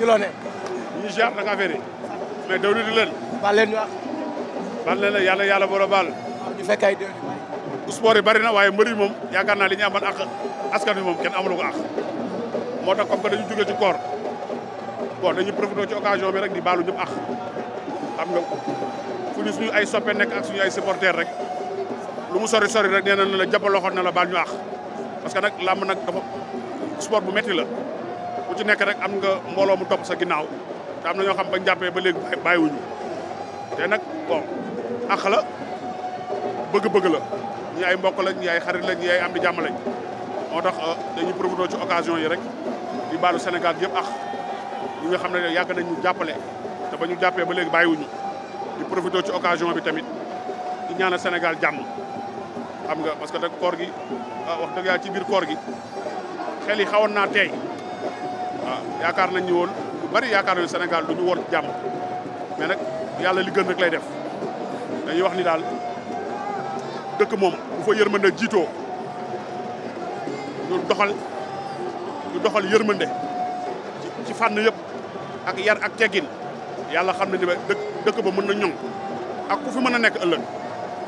ci loo ne. ñu ngi nag affaire yi mais dawlu di leen. baal leen ñu wax. baal leen la yàlla yàlla boole baal. waaw ñu fekk ay déwén yu bëri. na waaye mbëri moom yaakaar naa li ñu amoon ak askan wi moom kenn amul ko moo tax comme que dañu jógee ci koor bon dañuy profité ci bi rek di baalu ñu ak xam nga fu ñu suñu ay sope nekk ak suñu ay supporters rek lu mu sori sori rek nee na la jàppal loxo na la baal ñu ak parce que nag làmb nag dafa sport bu métti la. ku ci nekk rek am nga mbooloo mu topp sa ginnaaw te am na ñoo xam bañ jàppee ba léegi bàyyiwuñu te nag bon àq la bëgg-bëgg la ñi ay mbokk lañ ñi ay xarit lañ ñi ay am di jàmm lañ moo tax euh, dañu profité ci occasion yi rek di baalu Sénégal yëpp ax ñi nga xam ne yàgg nañ ñu jàppale te ba ñu jàppee ba léegi bàyyiwuñu di profité ci occasion bi tamit di ñaanal Sénégal jàmm xam nga parce que nag koor gi ah, wax dëgg yàlla ci biir koor gi xel xawoon naa tey waaw yaakaar nañ ñu woon lu bari yaakaar nañu Sénégal du ñu woon jàmm mais nag yàlla li gën rek lay def dañuy wax ni daal dëkk moom bu fa yërmande jiitoo ñu doxal ñu doxal yërmande ci fànn yëpp ak yar ak teggin yàlla xam ne ni dëkk dëkk ba mën na ñoŋ ak ku mën a nekk ëllëg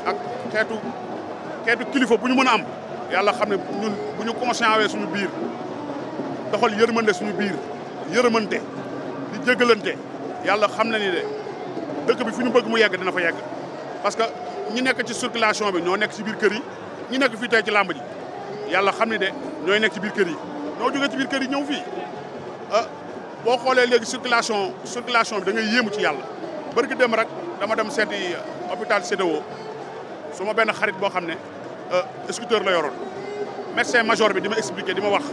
ak xeetu xeetu kilifa bu ñu mën a am yàlla xam ne bu ñu conscient suñu biir doxal yërmande suñu biir yërmante di jégalante yàlla xam na ni de dëkk bi fi ñu bëgg mu yegg dina fa yegg parce que ñi nekk ci circulation bi ñoo nekk ci biir kër yi ñi nekk fii tey ci làmb ji yàlla xam ni de ñooy nekk ci biir kër yi ñoo jógee ci biir kër yi ñëw fii ah boo xoolee léegi circulation circulation bi da ngay ci yàlla bërki rek dama dem seeti hôpital CDO su ma benn xarit boo xam ne ah, scooter la yoroon médecin major bi di ma expliqué di ma wax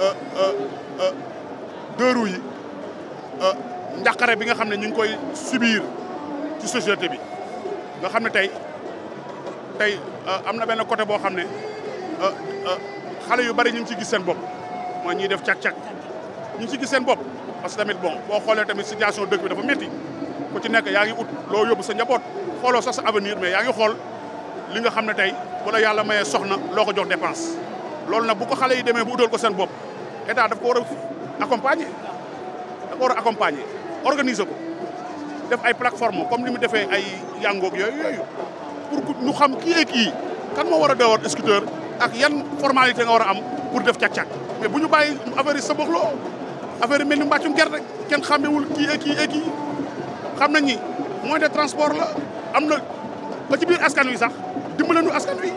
Euh, euh, euh, deux roues yi njàqare bi nga xam ne ñu ngi koy subir ci société bi nga xam ne tey tey am na benn côté boo xam ne xale yu bari ñu ngi ciy gis seen bopp mooy ñuy def càq-càq ñu ngi ciy seen bopp parce que tamit bon boo xoolee tamit situation dëkk bi dafa métti ku ci nekk yaa ngi ut loo yóbbu sa njaboot xooloo sax sa avenir mais yaa ngi xool li nga xam ne tey wala yàlla mayee soxna loo ko jox dépense loolu nag bu ko xale yi demee bu utal ko seen bopp état daf ko war a accompagner ko war accompagner organiser ko def ay plateforme comme li mu defee ay yangoog yooyu yooyu pour ñu xam kii ak kan moo war a doon scooter ak yan formalité nga war a am pour def càq-càq mais bu ñu bàyyi affaire yi sa bopp affaire yi mel ni mbàccum gerte kenn xàmmewul kii ak kii ak kii xam na ni moyen de transport la am na ba ci biir askan wi sax dimbale nu askan wi.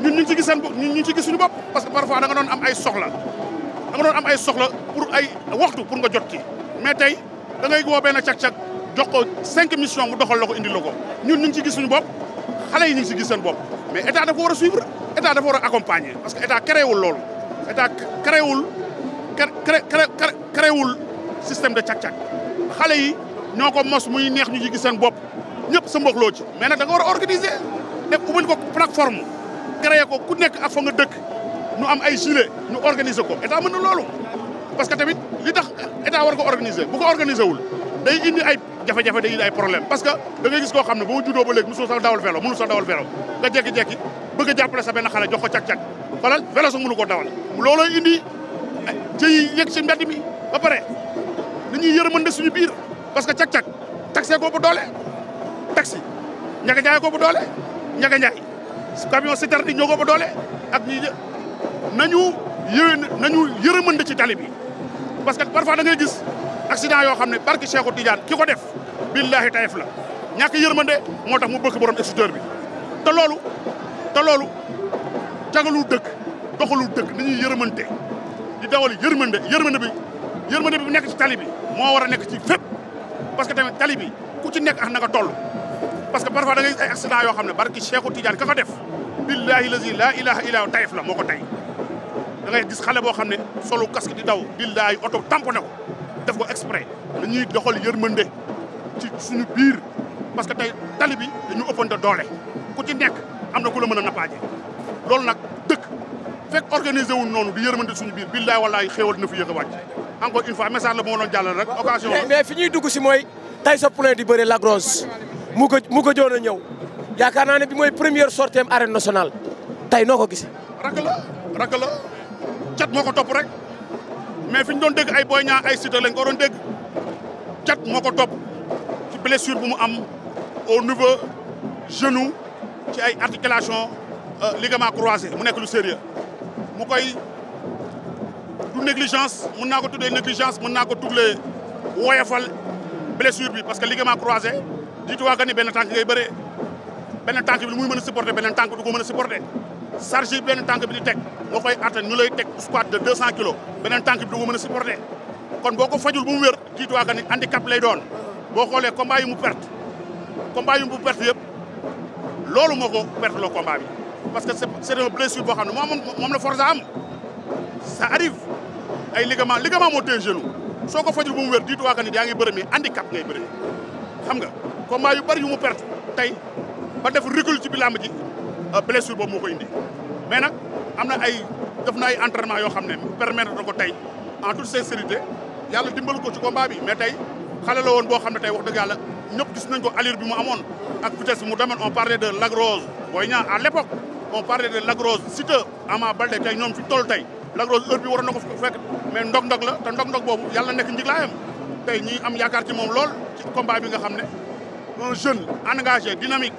ñun ñu ngi ci gis seen bopp ñun ñu ngi ci gis suñu bopp parce que parfois da nga am ay soxla da nga am ay soxla pour ay waxtu pour nga jot ci mais tey da ngay woo benn cag-cag jox ko cinq missions mu doxal la ko indil la ko ñun ñu ci gis suñu bopp xale yi ñu ngi ci gis seen bopp mais état dafa war a suivre état dafa war a accompagner parce que état créé wul loolu état créé wul wul système de cag-cag xale yi ñoo ko mos muy neex ñu ci seen bopp ñëpp sa mbokk loo ci mais nag da nga war a organiser def ko plateforme créé ko ku nekk ak fa nga dëkk ñu am ay gilet ñu organiser ko état mën na loolu. parce que tamit li tax état war ko organiser bu ko organiser wul day indi ay jafe-jafe day indi ay problème parce que da ngay gis koo xam ne ba mu juddoo ba léegi mosul sax dawal vélo mënul sax dawal vélo nga jékki-jékki bëgg a jàppale sa benn xale jox ko cag-cag falal vélo sax ko dawal loolooy indi eh, jëyi yëg si mbedd mi ba pare nañuy yërëmande suñu biir parce que cag-cag taxé ko doole taxi ñaga jaay ko bu doole ñaga njaay camion citerne ñoo ko ba doole ak ñi nañu yéen nañu yërëmande ci tali bi parce que parfois da ngay gis accident yoo xam ne barki Cheikhou Tidiane ki ko def billahi tayef la ñàkk yërëmande moo tax mu bëgg borom extiteur bi te loolu te loolu jagalul dëkk doxalul dëkk nañuy yërëmante di dawal yërëmande yërëmande bi yërëmande bi nekk ci tali bi moo war a nekk ci fépp parce que tamit tali bi ku ci nekk ax na nga toll parce que parfois da ngay ay accident yoo xam ne barki Cheikhou Tidiane ka ko def billahi lazi la ilaha illa tayef la moo ko tey da ngay gis xale boo xam ne solu casque di daw billahi oto tamponé ko def ko exprès dañuy doxal yërmande ci suñu biir parce que tey tali bi dañu ëppante doole ku ci nekk am na ku la mën a nappaaje loolu nag dëkk fekk organisé wu noonu di yërmande suñu biir billahi wallahi xéewal dina fi yëg a wàcc encore une fois message la bu mu ko mu ko joon a ñëw yaakaar ne bi mooy première sortie am arène nationale tey noo ko gisee. rakk la rakk la cat moo ko topp rek mais fi ñu doon dégg ay Boy Niang ay Siteu lañ ko doon dégg cat moo ko topp ci blessure bu mu am au niveau genou ci ay articulation euh, ligament croisé mu nekk lu sérieux mu koy du négligence mën naa ko tuddee négligence mën naa ko tuddee woyofal blessure bi parce que ligament croisé. jiitu waa gan benn tànk ngay bëree benn tànk bi lu muy mën a supporter beneen tànk du ko mën a supporter charge benn tànk bi di teg nga koy attan ñu lay teg squat de 200 kilos bene tànk bi du ko mën a kon boo ko fajul bu mu wér jiitu waa gan handicap lay doon boo xoolee combat yi mu perte combat yi mu perte yëpp loolu moo ko perte loo combat bi parce que c'est une boo xam ne moom moom la force am ça arrive ay ligament ligament moo téye genou soo ko fajul bu mu wér jiitu waa gan yaa ngi bëri mais handicap ngay bëri xam nga combat yu bari yu mu perte tey ba def recul ci bi làmb ji euh, blessure boobu moo ko indi mais nag am na ay def na ay entraînement yoo xam ne permettre na ko tey en toute sincérité yàlla dimbal ko ci combat mais tey xale la woon boo xam ne tey wax dëgg yàlla ñëpp gis ko allure bi mu amoon ak vitesse mu demoon on parlait de Lagrose Boy Niang à l'époque on parlait de Lagrose Siteu Ama Baldé tey ñoom fi tey Lagrose heure bi na ko fekk mais ndog-ndog la te ndog-ndog boobu yàlla nekk njiglaayam tey ñi am yaakaar ci moom lool ci combat bi nga xam ne un jeune engagé dynamique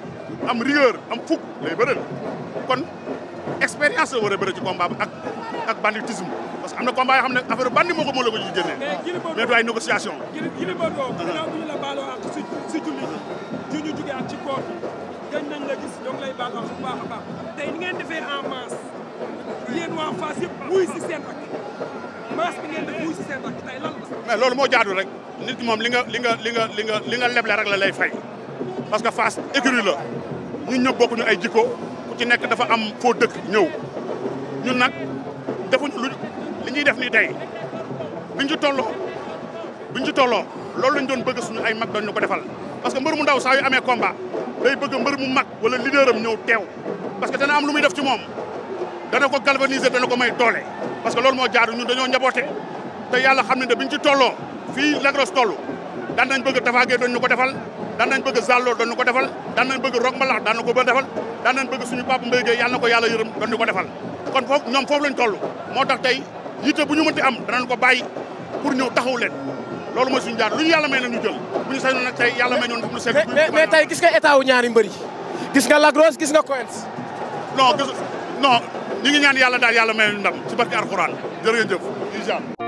am rigueur am fukk lay bëreel kon expérience war a bëri ci combat bi ak ak banditisme parce am na combat yoo xam ne affaire bandi moo ko moo la ko ay négociation. ji ñu ak ci koor bi gëj nañ la gis ñoo ngi lay baaloo ak bu baax a baax ni ngeen defee en masse. yéen waa loolu moo jaadu rek nit ki moom li nga li nga li nga li nga li nga leble rek la lay fay parce que Fass écurie la ñun ñëw bokkuñu ay jiko ku ci nekk dafa am foo dëkk ñëw ñun nag defuñu lu li ñuy def nii tey biñ ci tolloo biñ ci tolloo loolu lañ doon bëgg suñu ay mag doon ñu ko defal parce que mbër mu ndaw saa yu amee combat day mbër mu mag wala leader am ñëw teew parce que dana am lu muy def ci moom. dana ko galvaniser dana ko may doole parce que loolu moo jaaru ñun dañoo njaboote te yàlla xam ne ne biñ ci tolloo fii Lac Rose toll daan nañ bëgg Tapha Gueye doon ñu ko defal daan nañ bëgg Zallo doon ñu ko defal daan nañ bëgg Rock Mbalax daan na ko bëgg defal daan nañ bëgg suñu papa Mbaye Gueye yàlla na ko yàlla yërëm doon ñu ko defal kon ñoom foofu lañ toll moo tax tey yitte bu ñu mënti am danañ ko bàyyi pour ñëw taxaw leen loolu mooy suñu jaar lu ñu yàlla may na ñu jël bu ñu sañoon nag tey yàlla may ñoon daf ñu seet tey gis nga état wu ñaari gis nga Lac Rose gis nga ñu ngi ñaan yàlla daal yàlla may ndam ci barke alxuraan jërëjëf incha allah